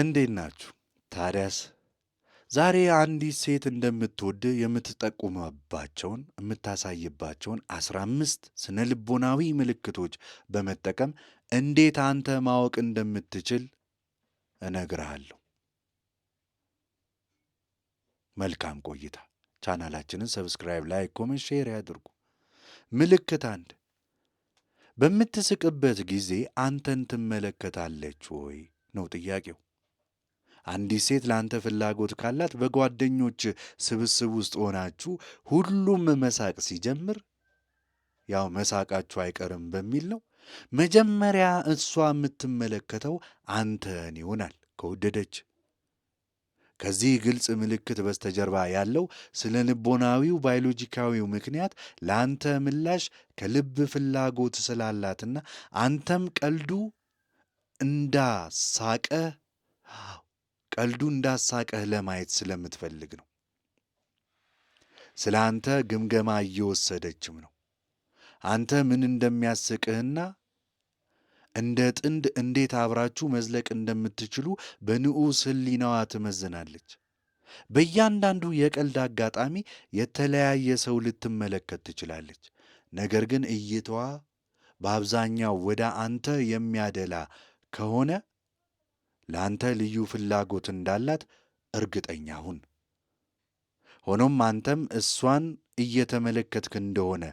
እንዴት ናችሁ? ታዲያስ ዛሬ አንዲት ሴት እንደምትወድ የምትጠቁምባቸውን የምታሳይባቸውን አስራ አምስት ስነ ልቦናዊ ምልክቶች በመጠቀም እንዴት አንተ ማወቅ እንደምትችል እነግርሃለሁ። መልካም ቆይታ። ቻናላችንን ሰብስክራይብ፣ ላይክ፣ ኮመንት፣ ሼር ያድርጉ። ምልክት አንድ በምትስቅበት ጊዜ አንተን ትመለከታለች ወይ ነው ጥያቄው። አንዲት ሴት ለአንተ ፍላጎት ካላት በጓደኞች ስብስብ ውስጥ ሆናችሁ ሁሉም መሳቅ ሲጀምር ያው መሳቃችሁ አይቀርም በሚል ነው። መጀመሪያ እሷ የምትመለከተው አንተን ይሆናል ከወደደች። ከዚህ ግልጽ ምልክት በስተጀርባ ያለው ስነ ልቦናዊው ባዮሎጂካዊው ምክንያት ለአንተ ምላሽ ከልብ ፍላጎት ስላላትና አንተም ቀልዱ እንዳሳቀ ቀልዱ እንዳሳቀህ ለማየት ስለምትፈልግ ነው። ስለ አንተ ግምገማ እየወሰደችም ነው። አንተ ምን እንደሚያስቅህና እንደ ጥንድ እንዴት አብራችሁ መዝለቅ እንደምትችሉ በንዑስ ሕሊናዋ ትመዝናለች። በእያንዳንዱ የቀልድ አጋጣሚ የተለያየ ሰው ልትመለከት ትችላለች። ነገር ግን እይታዋ በአብዛኛው ወደ አንተ የሚያደላ ከሆነ ለአንተ ልዩ ፍላጎት እንዳላት እርግጠኛ ሁን። ሆኖም አንተም እሷን እየተመለከትክ እንደሆነ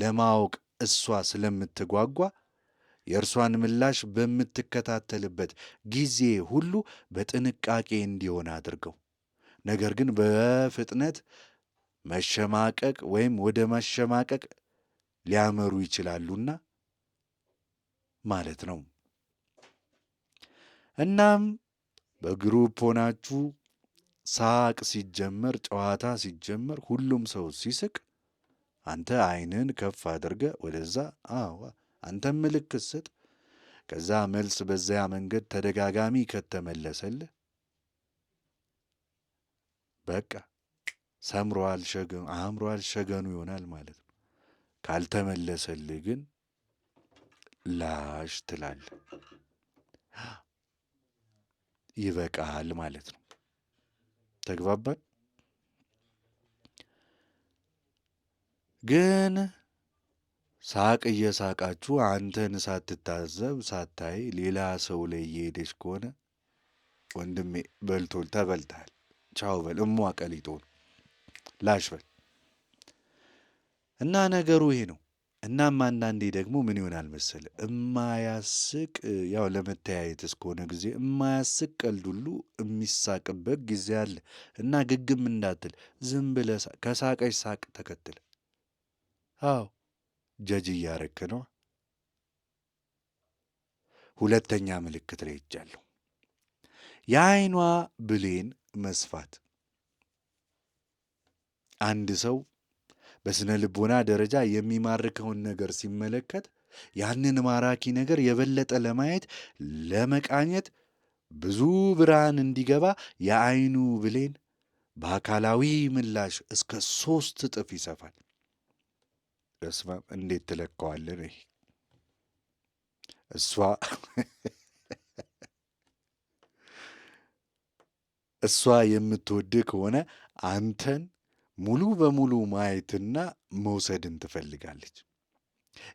ለማወቅ እሷ ስለምትጓጓ የእርሷን ምላሽ በምትከታተልበት ጊዜ ሁሉ በጥንቃቄ እንዲሆን አድርገው። ነገር ግን በፍጥነት መሸማቀቅ ወይም ወደ ማሸማቀቅ ሊያመሩ ይችላሉና ማለት ነው። እናም በግሩፕ ሆናችሁ ሳቅ ሲጀመር ጨዋታ ሲጀመር ሁሉም ሰው ሲስቅ አንተ አይንን ከፍ አድርገ ወደዛ አዋ አንተ ምልክት ስጥ። ከዛ መልስ በዚያ መንገድ ተደጋጋሚ ከተመለሰልህ በቃ ሰምሯል፣ ሸገኑ አምሯል፣ ሸገኑ ይሆናል ማለት ነው። ካልተመለሰልህ ግን ላሽ ትላለህ። ይበቃል ማለት ነው። ተግባባን። ግን ሳቅ እየሳቃችሁ አንተን ሳትታዘብ ሳታይ ሌላ ሰው ላይ እየሄደች ከሆነ ወንድሜ በልቶል፣ ተበልታል፣ ቻው በል። እሟቀሊጦ ላሽ በል እና ነገሩ ይሄ ነው። እናም አንዳንዴ ደግሞ ምን ይሆናል መሰል እማያስቅ ያው ለመተያየት እስከሆነ ጊዜ እማያስቅ ቀልድ ሁሉ የሚሳቅበት ጊዜ አለ እና ግግም እንዳትል ዝም ብለ ከሳቀች ሳቅ ተከትል። አዎ ጀጅ እያረክ ነው። ሁለተኛ ምልክት ላይ ሄጃለሁ። የአይኗ ብሌን መስፋት አንድ ሰው በስነ ልቦና ደረጃ የሚማርከውን ነገር ሲመለከት ያንን ማራኪ ነገር የበለጠ ለማየት ለመቃኘት ብዙ ብርሃን እንዲገባ የአይኑ ብሌን በአካላዊ ምላሽ እስከ ሶስት እጥፍ ይሰፋል። እስማ እንዴት ትለካዋለን? እሷ እሷ የምትወድህ ከሆነ አንተን ሙሉ በሙሉ ማየትና መውሰድን ትፈልጋለች።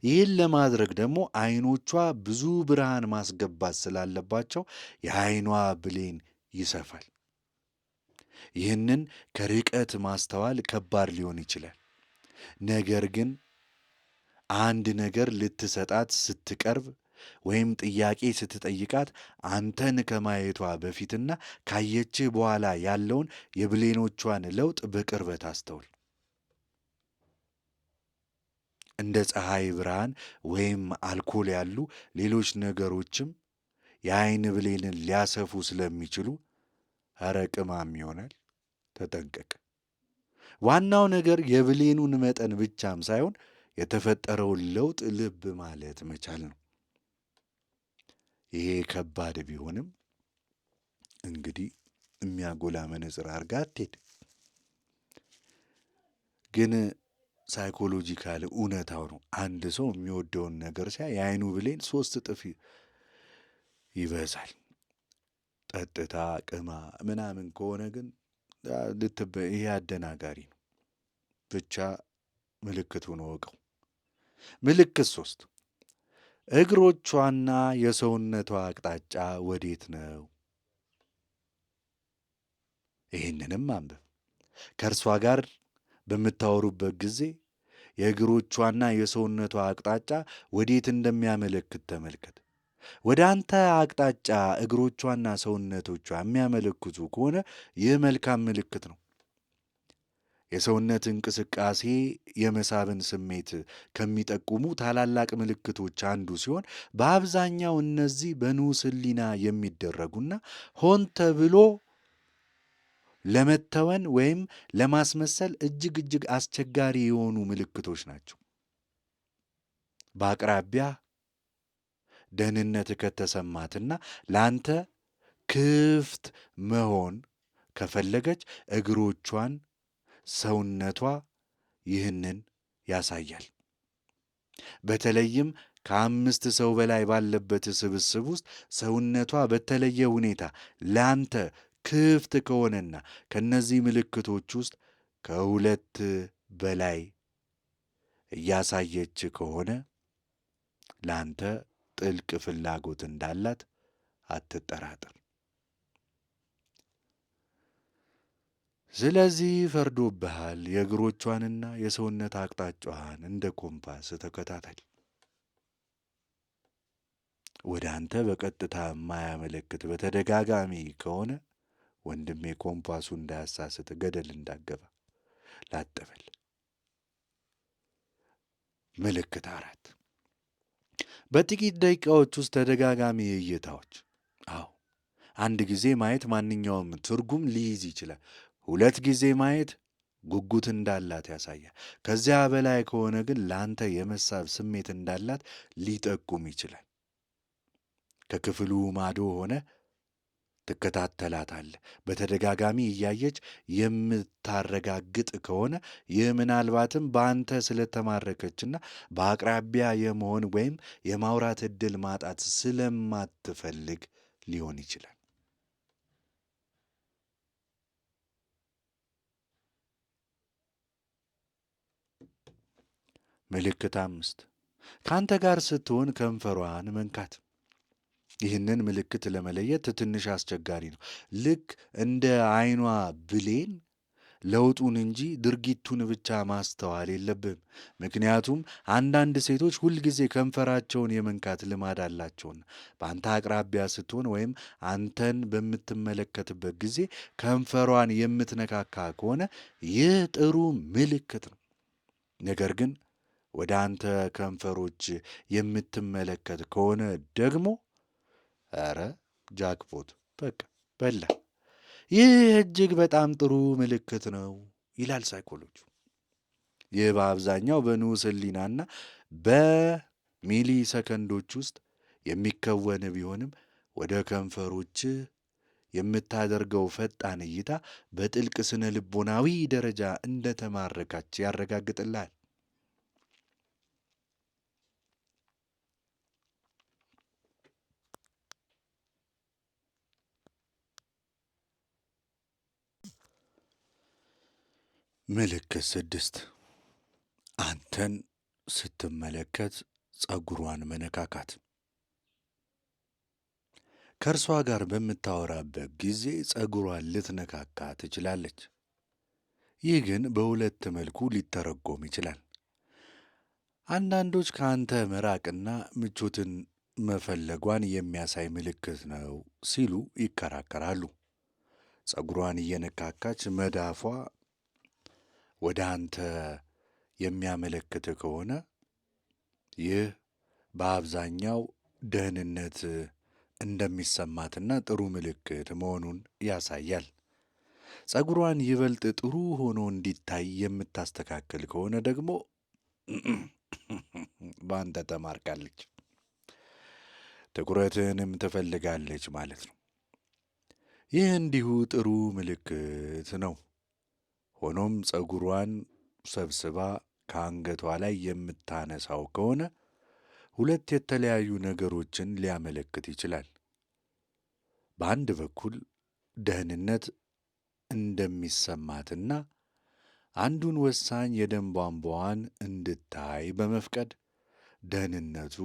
ይህን ለማድረግ ደግሞ አይኖቿ ብዙ ብርሃን ማስገባት ስላለባቸው የአይኗ ብሌን ይሰፋል። ይህንን ከርቀት ማስተዋል ከባድ ሊሆን ይችላል። ነገር ግን አንድ ነገር ልትሰጣት ስትቀርብ ወይም ጥያቄ ስትጠይቃት አንተን ከማየቷ በፊትና ካየችህ በኋላ ያለውን የብሌኖቿን ለውጥ በቅርበት አስተውል። እንደ ፀሐይ ብርሃን ወይም አልኮል ያሉ ሌሎች ነገሮችም የአይን ብሌንን ሊያሰፉ ስለሚችሉ ኧረ ቅማም ይሆናል፣ ተጠንቀቅ። ዋናው ነገር የብሌኑን መጠን ብቻም ሳይሆን የተፈጠረውን ለውጥ ልብ ማለት መቻል ነው። ይሄ ከባድ ቢሆንም እንግዲህ የሚያጎላ መነጽር አርጋ አትሄድ። ግን ሳይኮሎጂካል እውነታው ነው። አንድ ሰው የሚወደውን ነገር ሲያ የአይኑ ብሌን ሶስት እጥፍ ይበዛል። ጠጥታ ቅማ ምናምን ከሆነ ግን ልትበ ይሄ አደናጋሪ ነው። ብቻ ምልክቱን ወቀው። ምልክት ሶስት እግሮቿና የሰውነቷ አቅጣጫ ወዴት ነው? ይህንንም አንብብ። ከእርሷ ጋር በምታወሩበት ጊዜ የእግሮቿና የሰውነቷ አቅጣጫ ወዴት እንደሚያመለክት ተመልከት። ወደ አንተ አቅጣጫ እግሮቿና ሰውነቶቿ የሚያመለክቱ ከሆነ ይህ መልካም ምልክት ነው። የሰውነት እንቅስቃሴ የመሳብን ስሜት ከሚጠቁሙ ታላላቅ ምልክቶች አንዱ ሲሆን በአብዛኛው እነዚህ በንዑስ ሕሊና የሚደረጉና ሆን ተብሎ ለመተወን ወይም ለማስመሰል እጅግ እጅግ አስቸጋሪ የሆኑ ምልክቶች ናቸው። በአቅራቢያ ደህንነት ከተሰማትና ለአንተ ክፍት መሆን ከፈለገች እግሮቿን ሰውነቷ ይህንን ያሳያል። በተለይም ከአምስት ሰው በላይ ባለበት ስብስብ ውስጥ ሰውነቷ በተለየ ሁኔታ ለአንተ ክፍት ከሆነና ከእነዚህ ምልክቶች ውስጥ ከሁለት በላይ እያሳየች ከሆነ ለአንተ ጥልቅ ፍላጎት እንዳላት አትጠራጥር ። ስለዚህ ፈርዶብሃል። የእግሮቿንና የሰውነት አቅጣጫዋን እንደ ኮምፓስ ተከታተል። ወደ አንተ በቀጥታ የማያመለክት በተደጋጋሚ ከሆነ ወንድሜ ኮምፓሱ እንዳያሳስት ገደል እንዳገባ ላጥበል። ምልክት አራት በጥቂት ደቂቃዎች ውስጥ ተደጋጋሚ እይታዎች። አዎ አንድ ጊዜ ማየት ማንኛውም ትርጉም ሊይዝ ይችላል። ሁለት ጊዜ ማየት ጉጉት እንዳላት ያሳያል። ከዚያ በላይ ከሆነ ግን ለአንተ የመሳብ ስሜት እንዳላት ሊጠቁም ይችላል። ከክፍሉ ማዶ ሆነ ትከታተላታለህ። በተደጋጋሚ እያየች የምታረጋግጥ ከሆነ ይህ ምናልባትም በአንተ ስለተማረከችና በአቅራቢያ የመሆን ወይም የማውራት ዕድል ማጣት ስለማትፈልግ ሊሆን ይችላል። ምልክት አምስት ከአንተ ጋር ስትሆን ከንፈሯን መንካት። ይህንን ምልክት ለመለየት ትንሽ አስቸጋሪ ነው። ልክ እንደ አይኗ ብሌን ለውጡን እንጂ ድርጊቱን ብቻ ማስተዋል የለብም። ምክንያቱም አንዳንድ ሴቶች ሁልጊዜ ከንፈራቸውን የመንካት ልማድ አላቸውና በአንተ አቅራቢያ ስትሆን ወይም አንተን በምትመለከትበት ጊዜ ከንፈሯን የምትነካካ ከሆነ ይህ ጥሩ ምልክት ነው። ነገር ግን ወደ አንተ ከንፈሮች የምትመለከት ከሆነ ደግሞ ኧረ ጃክፖት በቃ በላ። ይህ እጅግ በጣም ጥሩ ምልክት ነው ይላል ሳይኮሎጂ። ይህ በአብዛኛው በንዑስ ሕሊናና በሚሊ ሰከንዶች ውስጥ የሚከወን ቢሆንም ወደ ከንፈሮች የምታደርገው ፈጣን እይታ በጥልቅ ስነ ልቦናዊ ደረጃ እንደተማረካች ያረጋግጥልሃል። ምልክት ስድስት አንተን ስትመለከት ጸጉሯን መነካካት። ከእርሷ ጋር በምታወራበት ጊዜ ጸጉሯን ልትነካካ ትችላለች። ይህ ግን በሁለት መልኩ ሊተረጎም ይችላል። አንዳንዶች ከአንተ መራቅና ምቾትን መፈለጓን የሚያሳይ ምልክት ነው ሲሉ ይከራከራሉ። ጸጉሯን እየነካካች መዳፏ ወደ አንተ የሚያመለክት ከሆነ ይህ በአብዛኛው ደህንነት እንደሚሰማትና ጥሩ ምልክት መሆኑን ያሳያል። ጸጉሯን ይበልጥ ጥሩ ሆኖ እንዲታይ የምታስተካክል ከሆነ ደግሞ በአንተ ተማርካለች፣ ትኩረትንም ትፈልጋለች ማለት ነው። ይህ እንዲሁ ጥሩ ምልክት ነው። ሆኖም ፀጉሯን ሰብስባ ከአንገቷ ላይ የምታነሳው ከሆነ ሁለት የተለያዩ ነገሮችን ሊያመለክት ይችላል። በአንድ በኩል ደህንነት እንደሚሰማትና አንዱን ወሳኝ የደም ቧንቧዋን እንድታይ በመፍቀድ ደህንነቱ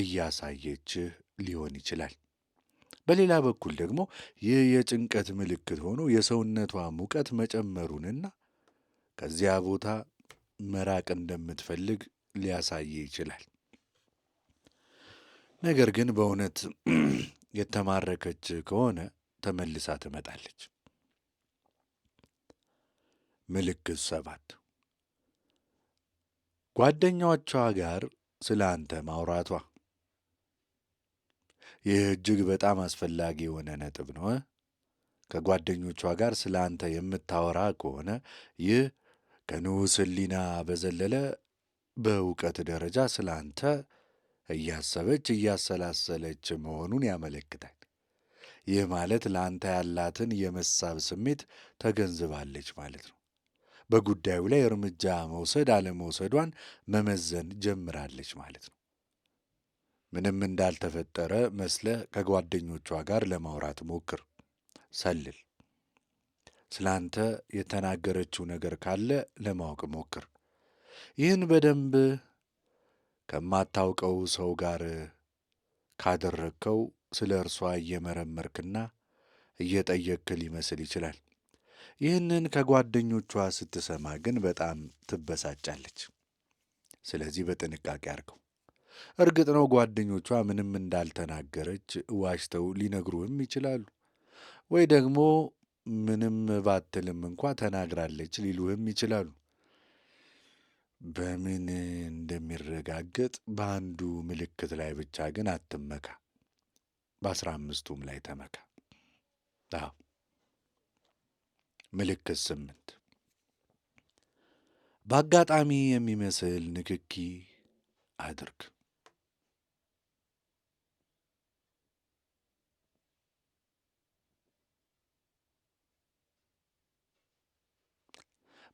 እያሳየችህ ሊሆን ይችላል። በሌላ በኩል ደግሞ ይህ የጭንቀት ምልክት ሆኖ የሰውነቷ ሙቀት መጨመሩንና ከዚያ ቦታ መራቅ እንደምትፈልግ ሊያሳይ ይችላል። ነገር ግን በእውነት የተማረከች ከሆነ ተመልሳ ትመጣለች። ምልክት ሰባት ጓደኛዎቿ ጋር ስለ አንተ ማውራቷ ይህ እጅግ በጣም አስፈላጊ የሆነ ነጥብ ነው። ከጓደኞቿ ጋር ስለ አንተ የምታወራ ከሆነ ይህ ከንዑስ ሕሊና በዘለለ በእውቀት ደረጃ ስለ አንተ እያሰበች እያሰላሰለች መሆኑን ያመለክታል። ይህ ማለት ለአንተ ያላትን የመሳብ ስሜት ተገንዝባለች ማለት ነው። በጉዳዩ ላይ እርምጃ መውሰድ አለመውሰዷን መመዘን ጀምራለች ማለት ነው። ምንም እንዳልተፈጠረ መስለ ከጓደኞቿ ጋር ለማውራት ሞክር። ሰልል። ስለ አንተ የተናገረችው ነገር ካለ ለማወቅ ሞክር። ይህን በደንብ ከማታውቀው ሰው ጋር ካደረግከው ስለ እርሷ እየመረመርክና እየጠየቅክ ሊመስል ይችላል። ይህንን ከጓደኞቿ ስትሰማ ግን በጣም ትበሳጫለች። ስለዚህ በጥንቃቄ አድርገው። እርግጥ ነው ጓደኞቿ ምንም እንዳልተናገረች ዋሽተው ሊነግሩህም ይችላሉ። ወይ ደግሞ ምንም ባትልም እንኳ ተናግራለች ሊሉህም ይችላሉ። በምን እንደሚረጋገጥ በአንዱ ምልክት ላይ ብቻ ግን አትመካ። በአስራ አምስቱም ላይ ተመካ። አዎ ምልክት ስምንት በአጋጣሚ የሚመስል ንክኪ አድርግ።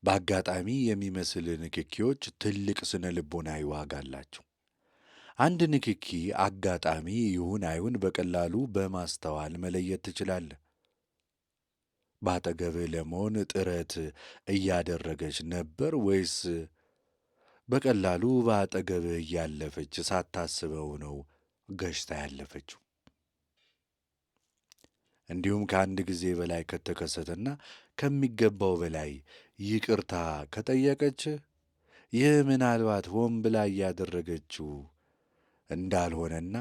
በአጋጣሚ የሚመስል ንክኪዎች ትልቅ ስነ ልቦናዊ ዋጋ አላቸው። አንድ ንክኪ አጋጣሚ ይሁን አይሁን በቀላሉ በማስተዋል መለየት ትችላለህ። በአጠገብ ለመሆን ጥረት እያደረገች ነበር ወይስ በቀላሉ በአጠገብ እያለፈች ሳታስበው ነው ገሽታ ያለፈችው? እንዲሁም ከአንድ ጊዜ በላይ ከተከሰተና ከሚገባው በላይ ይቅርታ ከጠየቀች ይህ ምናልባት ሆን ብላ እያደረገችው እንዳልሆነና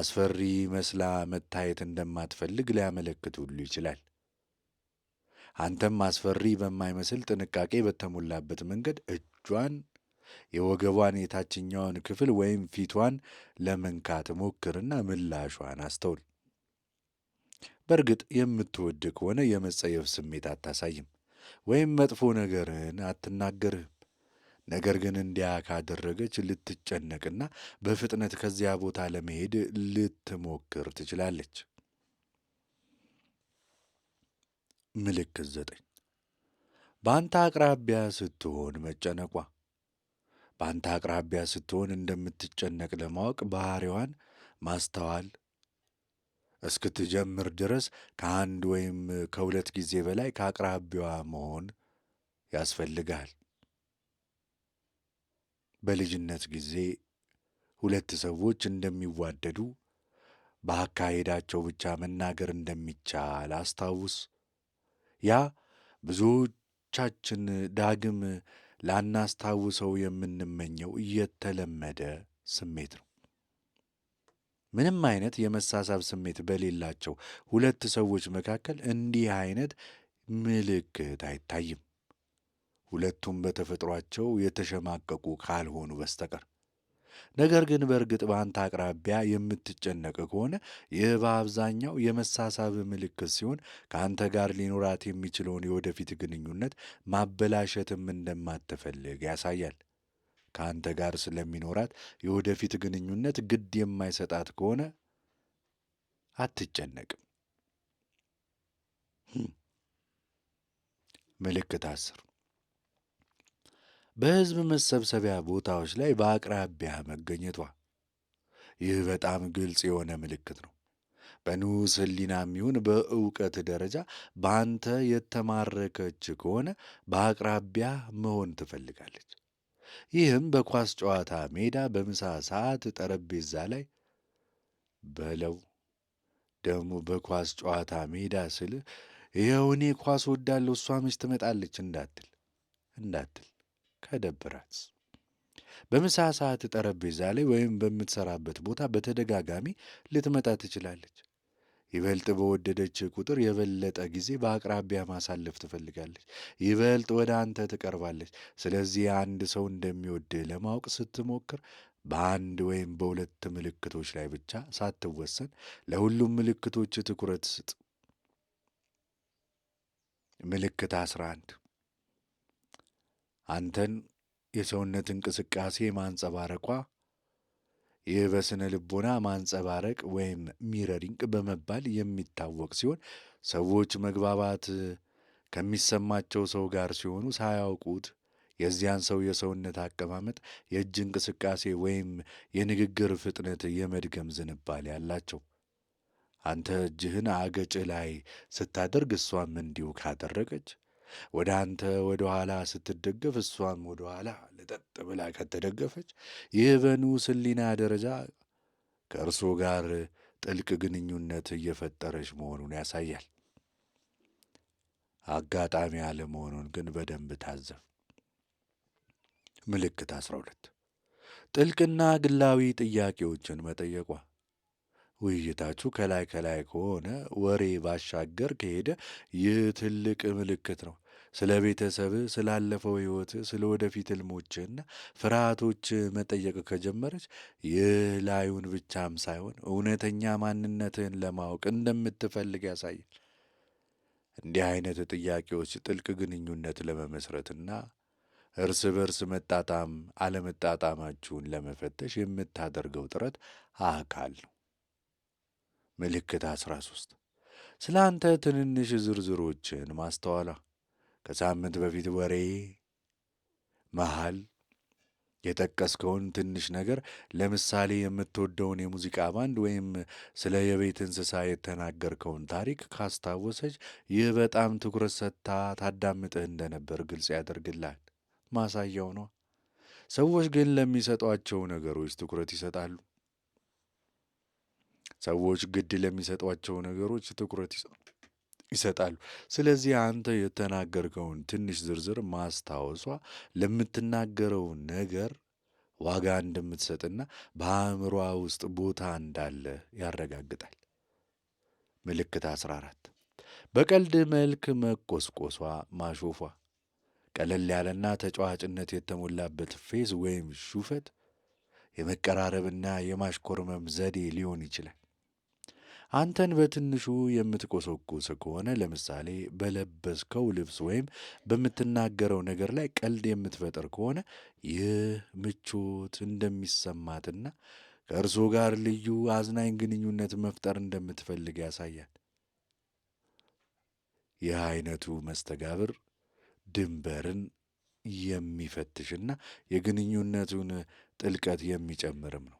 አስፈሪ መስላ መታየት እንደማትፈልግ ሊያመለክት ሁሉ ይችላል። አንተም አስፈሪ በማይመስል ጥንቃቄ በተሞላበት መንገድ እጇን የወገቧን የታችኛውን ክፍል ወይም ፊቷን ለመንካት ሞክርና ምላሿን አስተውል። በእርግጥ የምትወድ ከሆነ የመጸየፍ ስሜት አታሳይም፣ ወይም መጥፎ ነገርን አትናገርህም። ነገር ግን እንዲያ ካደረገች ልትጨነቅና በፍጥነት ከዚያ ቦታ ለመሄድ ልትሞክር ትችላለች። ምልክት ዘጠኝ በአንተ አቅራቢያ ስትሆን መጨነቋ። በአንተ አቅራቢያ ስትሆን እንደምትጨነቅ ለማወቅ ባህሪዋን ማስተዋል እስክትጀምር ድረስ ከአንድ ወይም ከሁለት ጊዜ በላይ ከአቅራቢዋ መሆን ያስፈልጋል። በልጅነት ጊዜ ሁለት ሰዎች እንደሚዋደዱ በአካሄዳቸው ብቻ መናገር እንደሚቻል አስታውስ። ያ ብዙዎቻችን ዳግም ላናስታውሰው የምንመኘው እየተለመደ ስሜት ነው። ምንም አይነት የመሳሳብ ስሜት በሌላቸው ሁለት ሰዎች መካከል እንዲህ አይነት ምልክት አይታይም፣ ሁለቱም በተፈጥሯቸው የተሸማቀቁ ካልሆኑ በስተቀር። ነገር ግን በእርግጥ በአንተ አቅራቢያ የምትጨነቅ ከሆነ ይህ በአብዛኛው የመሳሳብ ምልክት ሲሆን ከአንተ ጋር ሊኖራት የሚችለውን የወደፊት ግንኙነት ማበላሸትም እንደማትፈልግ ያሳያል። ከአንተ ጋር ስለሚኖራት የወደፊት ግንኙነት ግድ የማይሰጣት ከሆነ አትጨነቅም። ምልክት አስር በሕዝብ መሰብሰቢያ ቦታዎች ላይ በአቅራቢያ መገኘቷ። ይህ በጣም ግልጽ የሆነ ምልክት ነው። በንዑስ ሕሊናም ይሁን በእውቀት ደረጃ በአንተ የተማረከች ከሆነ በአቅራቢያ መሆን ትፈልጋለች። ይህም በኳስ ጨዋታ ሜዳ በምሳ ሰዓት ጠረጴዛ ላይ በለው ደግሞ በኳስ ጨዋታ ሜዳ ስል ይኸው እኔ ኳስ ወዳለሁ እሷ መች ትመጣለች እንዳትል እንዳትል ከደብራት በምሳ ሰዓት ጠረጴዛ ላይ ወይም በምትሰራበት ቦታ በተደጋጋሚ ልትመጣ ትችላለች። ይበልጥ በወደደች ቁጥር የበለጠ ጊዜ በአቅራቢያ ማሳለፍ ትፈልጋለች። ይበልጥ ወደ አንተ ትቀርባለች። ስለዚህ አንድ ሰው እንደሚወድ ለማወቅ ስትሞክር በአንድ ወይም በሁለት ምልክቶች ላይ ብቻ ሳትወሰን ለሁሉም ምልክቶች ትኩረት ስጥ። ምልክት 11 አንተን የሰውነት እንቅስቃሴ ማንጸባረቋ ይህ በስነ ልቦና ማንጸባረቅ ወይም ሚረሪንግ በመባል የሚታወቅ ሲሆን ሰዎች መግባባት ከሚሰማቸው ሰው ጋር ሲሆኑ ሳያውቁት የዚያን ሰው የሰውነት አቀማመጥ፣ የእጅ እንቅስቃሴ ወይም የንግግር ፍጥነት የመድገም ዝንባሌ ያላቸው። አንተ እጅህን አገጭ ላይ ስታደርግ እሷም እንዲሁ ካደረገች ወደ አንተ ወደ ኋላ ስትደገፍ እሷም ወደ ኋላ ልጠጥ ብላ ከተደገፈች ይህ በንዑስ ሕሊና ደረጃ ከእርሶ ጋር ጥልቅ ግንኙነት እየፈጠረች መሆኑን ያሳያል። አጋጣሚ አለመሆኑን ግን በደንብ ታዘብ። ምልክት 12 ጥልቅና ግላዊ ጥያቄዎችን መጠየቋ። ውይይታችሁ ከላይ ከላይ ከሆነ ወሬ ባሻገር ከሄደ ይህ ትልቅ ምልክት ነው። ስለ ቤተሰብ ስላለፈው ህይወት ስለ ወደፊት ሕልሞችህና ፍርሃቶች መጠየቅ ከጀመረች ይህ ላዩን ብቻም ሳይሆን እውነተኛ ማንነትህን ለማወቅ እንደምትፈልግ ያሳያል። እንዲህ አይነት ጥያቄዎች ጥልቅ ግንኙነት ለመመስረትና እርስ በርስ መጣጣም አለመጣጣማችሁን ለመፈተሽ የምታደርገው ጥረት አካል ነው። ምልክት 13 ስለ አንተ ትንንሽ ዝርዝሮችን ማስተዋላ ከሳምንት በፊት ወሬ መሃል የጠቀስከውን ትንሽ ነገር ለምሳሌ የምትወደውን የሙዚቃ ባንድ ወይም ስለ የቤት እንስሳ የተናገርከውን ታሪክ ካስታወሰች ይህ በጣም ትኩረት ሰጥታ ታዳምጥህ እንደነበር ግልጽ ያደርግላል ማሳያው ነው። ሰዎች ግን ለሚሰጧቸው ነገሮች ትኩረት ይሰጣሉ። ሰዎች ግድ ለሚሰጧቸው ነገሮች ትኩረት ይሰጣሉ። ይሰጣሉ። ስለዚህ አንተ የተናገርከውን ትንሽ ዝርዝር ማስታወሷ ለምትናገረው ነገር ዋጋ እንደምትሰጥና በአእምሯ ውስጥ ቦታ እንዳለ ያረጋግጣል። ምልክት 14 በቀልድ መልክ መቆስቆሷ፣ ማሾፏ ቀለል ያለና ተጫዋጭነት የተሞላበት ፌዝ ወይም ሹፈት የመቀራረብና የማሽኮርመም ዘዴ ሊሆን ይችላል። አንተን በትንሹ የምትቆሰቁስ ከሆነ ለምሳሌ በለበስከው ልብስ ወይም በምትናገረው ነገር ላይ ቀልድ የምትፈጥር ከሆነ ይህ ምቾት እንደሚሰማትና ከእርሱ ጋር ልዩ አዝናኝ ግንኙነት መፍጠር እንደምትፈልግ ያሳያል። ይህ አይነቱ መስተጋብር ድንበርን የሚፈትሽና የግንኙነቱን ጥልቀት የሚጨምርም ነው።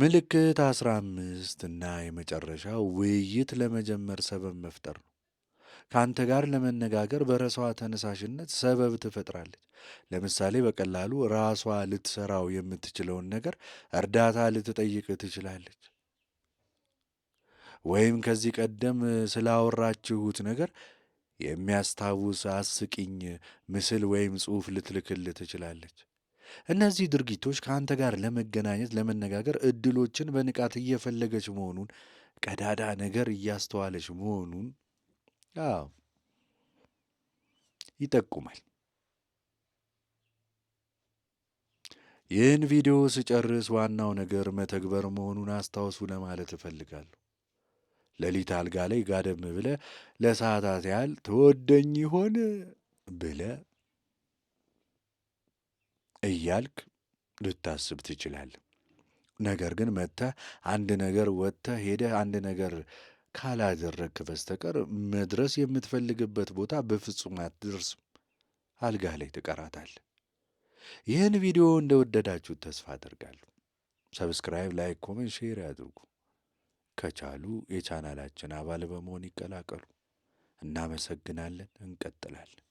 ምልክት አስራ አምስት እና የመጨረሻው ውይይት ለመጀመር ሰበብ መፍጠር ነው። ከአንተ ጋር ለመነጋገር በራሷ ተነሳሽነት ሰበብ ትፈጥራለች። ለምሳሌ በቀላሉ ራሷ ልትሰራው የምትችለውን ነገር እርዳታ ልትጠይቅ ትችላለች። ወይም ከዚህ ቀደም ስላወራችሁት ነገር የሚያስታውስ አስቂኝ ምስል ወይም ጽሑፍ ልትልክል ትችላለች። እነዚህ ድርጊቶች ከአንተ ጋር ለመገናኘት ለመነጋገር እድሎችን በንቃት እየፈለገች መሆኑን ቀዳዳ ነገር እያስተዋለች መሆኑን አዎ ይጠቁማል። ይህን ቪዲዮ ስጨርስ ዋናው ነገር መተግበር መሆኑን አስታውሱ ለማለት እፈልጋለሁ። ሌሊት አልጋ ላይ ጋደም ብለ ለሰዓታት ያህል ትወደኝ ይሆን ብለ። እያልክ ልታስብ ትችላል ነገር ግን መጥተህ አንድ ነገር ወጥተህ ሄደህ አንድ ነገር ካላደረግክ በስተቀር መድረስ የምትፈልግበት ቦታ በፍጹም አትደርስም። አልጋህ ላይ ትቀራታል። ይህን ቪዲዮ እንደወደዳችሁት ተስፋ አደርጋለሁ። ሰብስክራይብ፣ ላይክ፣ ኮሜንት፣ ሼር ያድርጉ። ከቻሉ የቻናላችን አባል በመሆን ይቀላቀሉ። እናመሰግናለን። እንቀጥላለን።